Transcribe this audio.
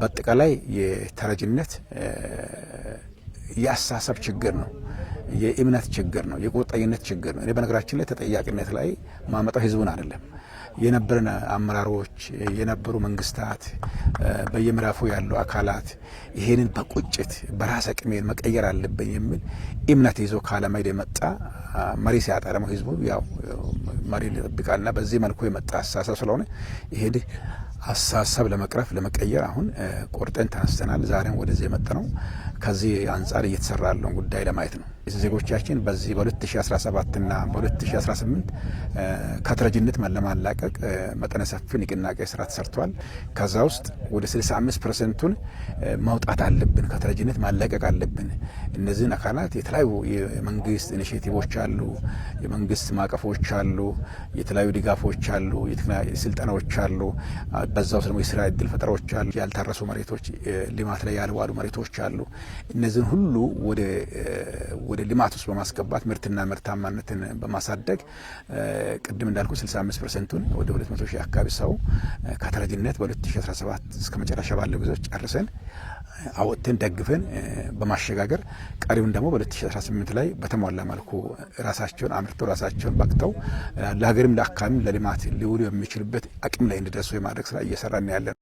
በአጠቃላይ የተረጅነት የአስተሳሰብ ችግር ነው። የእምነት ችግር ነው። የቁርጠኝነት ችግር ነው። እኔ በነገራችን ላይ ተጠያቂነት ላይ ማመጣው ህዝቡን አይደለም የነበረን አመራሮች የነበሩ መንግስታት፣ በየምዕራፉ ያሉ አካላት ይሄንን በቁጭት በራስ አቅሜን መቀየር አለብኝ የሚል እምነት ይዞ ካለመሄድ የመጣ መሪ ሲያጣ ደግሞ ህዝቡ ያው መሪ ይጠብቃልና በዚህ መልኩ የመጣ አስተሳሰብ ስለሆነ ይሄ አስተሳሰብ ለመቅረፍ ለመቀየር አሁን ቆርጠን ተነስተናል። ዛሬም ወደዚህ የመጣ ነው ከዚህ አንጻር እየተሰራ ያለውን ጉዳይ ለማየት ነው። ዜጎቻችን በዚህ በ2017 ና በ2018 ከተረጅነት ለማላቀቅ መጠነ ሰፊ ንቅናቄ ስራ ተሰርቷል። ከዛ ውስጥ ወደ 65 ፐርሰንቱን መውጣት አለብን፣ ከተረጅነት ማላቀቅ አለብን። እነዚህን አካላት የተለያዩ የመንግስት ኢኒሽቲቮች አሉ፣ የመንግስት ማቀፎች አሉ፣ የተለያዩ ድጋፎች አሉ፣ ስልጠናዎች አሉ በዛው ደግሞ የስራ እድል ፈጠሮች አሉ። ያልታረሱ መሬቶች፣ ልማት ላይ ያልዋሉ መሬቶች አሉ። እነዚህን ሁሉ ወደ ልማት ውስጥ በማስገባት ምርትና ምርታማነትን በማሳደግ ቅድም እንዳልኩ 65 ፐርሰንቱን ወደ 200 ሺህ አካባቢ ሰው ከተረጅነት በ2017 እስከ መጨረሻ ባለው ጊዜ ጨርሰን አወጥተን ደግፈን በማሸጋገር ቀሪውን ደግሞ በ2018 ላይ በተሟላ መልኩ ራሳቸውን አምርተው ራሳቸውን በቅተው ለሀገርም ለአካባቢም ለልማት ሊውሉ የሚችልበት አቅም ላይ እንዲደርሱ የማድረግ ስራ እየሰራን ያለን።